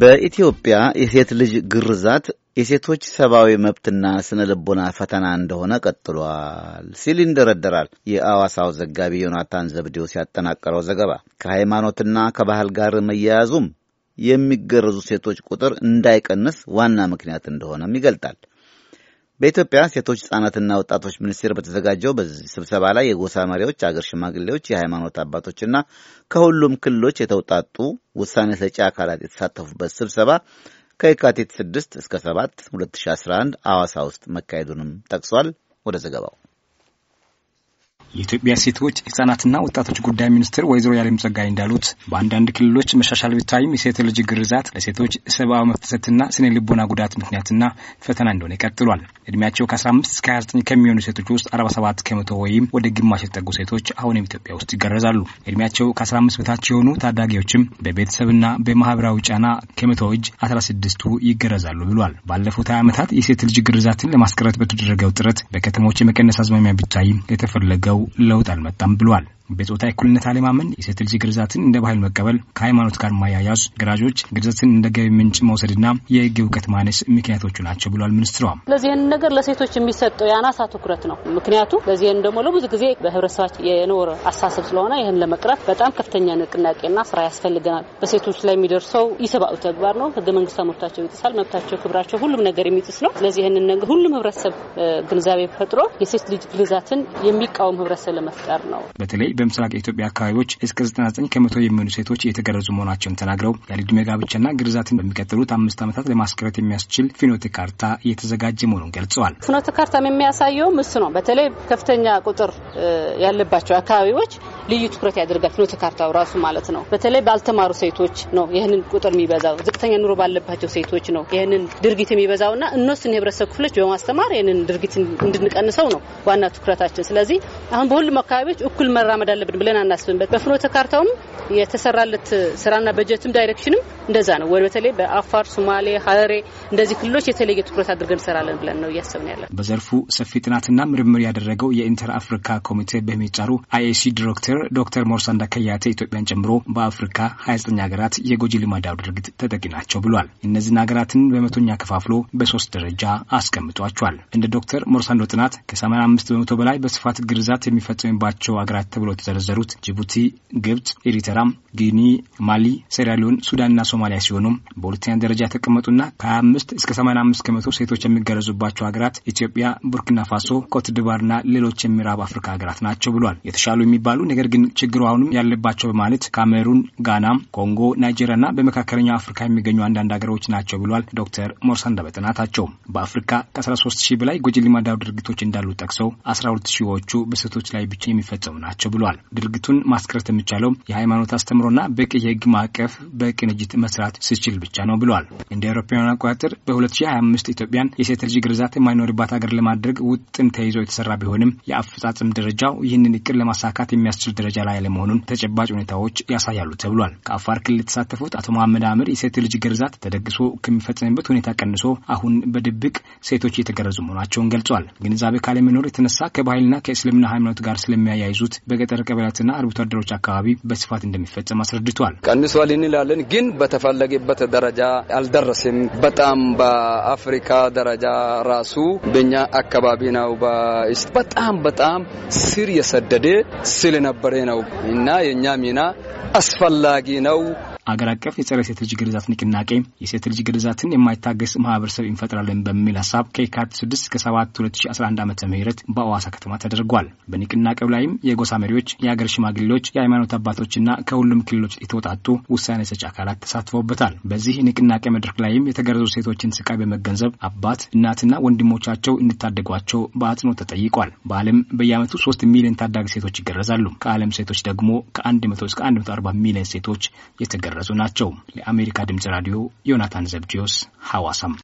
በኢትዮጵያ የሴት ልጅ ግርዛት የሴቶች ሰብአዊ መብትና ስነ ልቦና ፈተና እንደሆነ ቀጥሏል ሲል ይንደረደራል የአዋሳው ዘጋቢ ዮናታን ዘብዴው ያጠናቀረው ዘገባ። ከሃይማኖትና ከባህል ጋር መያያዙም የሚገረዙ ሴቶች ቁጥር እንዳይቀንስ ዋና ምክንያት እንደሆነም ይገልጣል። በኢትዮጵያ ሴቶች ህጻናትና ወጣቶች ሚኒስቴር በተዘጋጀው በዚህ ስብሰባ ላይ የጎሳ መሪዎች፣ አገር ሽማግሌዎች፣ የሃይማኖት አባቶችና ከሁሉም ክልሎች የተውጣጡ ውሳኔ ሰጪ አካላት የተሳተፉበት ስብሰባ ከየካቲት 6 እስከ 7 2011 አዋሳ ውስጥ መካሄዱንም ጠቅሷል። ወደ ዘገባው የኢትዮጵያ ሴቶች ህጻናትና ወጣቶች ጉዳይ ሚኒስትር ወይዘሮ ያለም ጸጋይ እንዳሉት በአንዳንድ ክልሎች መሻሻል ቢታይም የሴት ልጅ ግርዛት ለሴቶች ሰብአዊ መፍሰትና ስነ ልቦና ጉዳት ምክንያትና ፈተና እንደሆነ ይቀጥሏል። እድሜያቸው ከ15 እስከ 29 ከሚሆኑ ሴቶች ውስጥ 47 ከመቶ ወይም ወደ ግማሽ የተጠጉ ሴቶች አሁንም ኢትዮጵያ ውስጥ ይገረዛሉ። እድሜያቸው ከ15 በታች የሆኑ ታዳጊዎችም በቤተሰብና በማህበራዊ ጫና ከመቶ እጅ 16ቱ ይገረዛሉ ብሏል። ባለፉት 20 ዓመታት የሴት ልጅ ግርዛትን ለማስቀረት በተደረገው ጥረት በከተሞች የመቀነስ አዝማሚያ ብታይ የተፈለገው ለውጥ አልመጣም ብሏል። በጾታ እኩልነት አለማመን፣ የሴት ልጅ ግርዛትን እንደ ባህል መቀበል፣ ከሃይማኖት ጋር ማያያዝ፣ ገራዦች ግርዛትን እንደ ገቢ ምንጭ መውሰድና የህግ እውቀት ማነስ ምክንያቶቹ ናቸው ብሏል ሚኒስትሯ። ለዚህን ነገር ለሴቶች የሚሰጠው የአናሳ ትኩረት ነው። ምክንያቱ ለዚህ ደግሞ ለብዙ ጊዜ በህብረተሰባች የኖረ አሳሰብ ስለሆነ ይህን ለመቅረፍ በጣም ከፍተኛ ንቅናቄና ስራ ያስፈልገናል። በሴቶች ላይ የሚደርሰው ኢሰብአዊ ተግባር ነው። ህገ መንግስት መብታቸው ይጥሳል። መብታቸው፣ ክብራቸው፣ ሁሉም ነገር የሚጥስ ነው። ስለዚህ ይህንን ነገር ሁሉም ህብረተሰብ ግንዛቤ ፈጥሮ የሴት ልጅ ግርዛትን የሚቃወም ህብረተሰብ ለመፍጠር ነው። በተለይ በምስራቅ የኢትዮጵያ አካባቢዎች እስከ 99 ከመቶ የሚሆኑ ሴቶች የተገረዙ መሆናቸውን ተናግረው ያለዕድሜ ጋብቻና ግርዛትን በሚቀጥሉት አምስት ዓመታት ለማስቀረት የሚያስችል ፍኖተ ካርታ እየተዘጋጀ መሆኑን ገልጸዋል። ፍኖተ ካርታም የሚያሳየውም እሱ ነው። በተለይ ከፍተኛ ቁጥር ያለባቸው አካባቢዎች ልዩ ትኩረት ያደርጋል ፍኖተ ካርታው ራሱ ማለት ነው። በተለይ ባልተማሩ ሴቶች ነው ይህንን ቁጥር የሚበዛው። ዝቅተኛ ኑሮ ባለባቸው ሴቶች ነው ይህንን ድርጊት የሚበዛው እና እነሱን የህብረተሰብ ክፍሎች በማስተማር ይህንን ድርጊት እንድንቀንሰው ነው ዋና ትኩረታችን። ስለዚህ አሁን በሁሉም አካባቢዎች እኩል መራመድ አለብን ብለን አናስብንበት በፍኖተ ካርታውም የተሰራለት ስራና በጀትም ዳይሬክሽንም እንደዛ ነው። በተለይ በአፋር፣ ሶማሌ፣ ሀረሬ እንደዚህ ክልሎች የተለየ ትኩረት አድርገን እንሰራለን ብለን ነው እያሰብን ያለን። በዘርፉ ሰፊ ጥናትና ምርምር ያደረገው የኢንተር አፍሪካ ኮሚቴ በሚጫሩ አይኤሲ ዲሬክተር ሚኒስትር ዶክተር ሞርሳ ዳከያቴ ኢትዮጵያን ጨምሮ በአፍሪካ 29 ሀገራት የጎጂ ልማዳዊ ድርጊት ተጠቂ ናቸው ብሏል። እነዚህን ሀገራትን በመቶኛ ከፋፍሎ በሶስት ደረጃ አስቀምጧቸዋል። እንደ ዶክተር ሞርሳንዶ ጥናት ከ85 በመቶ በላይ በስፋት ግርዛት የሚፈጸምባቸው ሀገራት ተብሎ የተዘረዘሩት ጅቡቲ፣ ግብጽ፣ ኤሪተራ፣ ጊኒ፣ ማሊ፣ ሴራሊዮን፣ ሱዳንና ሶማሊያ ሲሆኑ በሁለተኛ ደረጃ የተቀመጡና ከ25 እስከ 85 ከመቶ ሴቶች የሚገረዙባቸው ሀገራት ኢትዮጵያ፣ ቡርኪና ፋሶ፣ ኮትዲቫርና ሌሎች የምዕራብ አፍሪካ ሀገራት ናቸው ብሏል። የተሻሉ የሚባሉ ነገር ነገር ግን ችግሩ አሁንም ያለባቸው በማለት ካሜሩን፣ ጋና፣ ኮንጎ፣ ናይጄሪያ እና በመካከለኛው አፍሪካ የሚገኙ አንዳንድ ሀገሮች ናቸው ብሏል። ዶክተር ሞርሳንዳ በጥናታቸው በአፍሪካ ከ13 ሺህ በላይ ጎጂ ልማዳዊ ድርጊቶች እንዳሉ ጠቅሰው 12 ሺዎቹ በሴቶች ላይ ብቻ የሚፈጸሙ ናቸው ብሏል። ድርጊቱን ማስቀረት የሚቻለው የሃይማኖት አስተምሮና በቂ የህግ ማዕቀፍ በቅንጅት መስራት ሲችል ብቻ ነው ብሏል። እንደ አውሮፓውያን አቆጣጠር በ2025 ኢትዮጵያን የሴት ልጅ ግርዛት የማይኖርባት ሀገር ለማድረግ ውጥን ተይዞ የተሰራ ቢሆንም የአፈጻጸም ደረጃው ይህንን እቅድ ለማሳካት የሚያስችል ደረጃ ላይ ያለመሆኑን ተጨባጭ ሁኔታዎች ያሳያሉ ተብሏል። ከአፋር ክልል የተሳተፉት አቶ መሐመድ አምር የሴት ልጅ ግርዛት ተደግሶ ከሚፈጸምበት ሁኔታ ቀንሶ አሁን በድብቅ ሴቶች እየተገረዙ መሆናቸውን ገልጿል። ግንዛቤ ካለመኖር የተነሳ ከባህልና ከእስልምና ሃይማኖት ጋር ስለሚያያይዙት በገጠር ቀበሌያትና አርብቶ አደሮች አካባቢ በስፋት እንደሚፈጸም አስረድቷል። ቀንሷል እንላለን፣ ግን በተፈለገበት ደረጃ አልደረስም። በጣም በአፍሪካ ደረጃ ራሱ በኛ አካባቢ ነው በጣም በጣም ስር የሰደደ ስለነበር ፍሬ ነው እና የእኛ ሚና አስፈላጊ ነው። አገር አቀፍ የጸረ ሴት ልጅ ግርዛት ንቅናቄ የሴት ልጅ ግርዛትን የማይታገስ ማህበረሰብ እንፈጥራለን በሚል ሀሳብ ከየካቲት 6 እስከ 7 2011 ዓ ም በአዋሳ ከተማ ተደርጓል። በንቅናቄው ላይም የጎሳ መሪዎች፣ የአገር ሽማግሌዎች፣ የሃይማኖት አባቶችና ከሁሉም ክልሎች የተውጣጡ ውሳኔ ሰጪ አካላት ተሳትፈውበታል። በዚህ ንቅናቄ መድረክ ላይም የተገረዙ ሴቶችን ስቃይ በመገንዘብ አባት እናትና ወንድሞቻቸው እንዲታደጓቸው በአጽኖ ተጠይቋል። በዓለም በየዓመቱ 3 ሚሊዮን ታዳጊ ሴቶች ይገረዛሉ። ከዓለም ሴቶች ደግሞ ከ100 እስከ 140 ሚሊዮን ሴቶች የተገረ እየደረሱ ናቸው። ለአሜሪካ ድምጽ ራዲዮ ዮናታን ዘብዲዮስ ሐዋሳም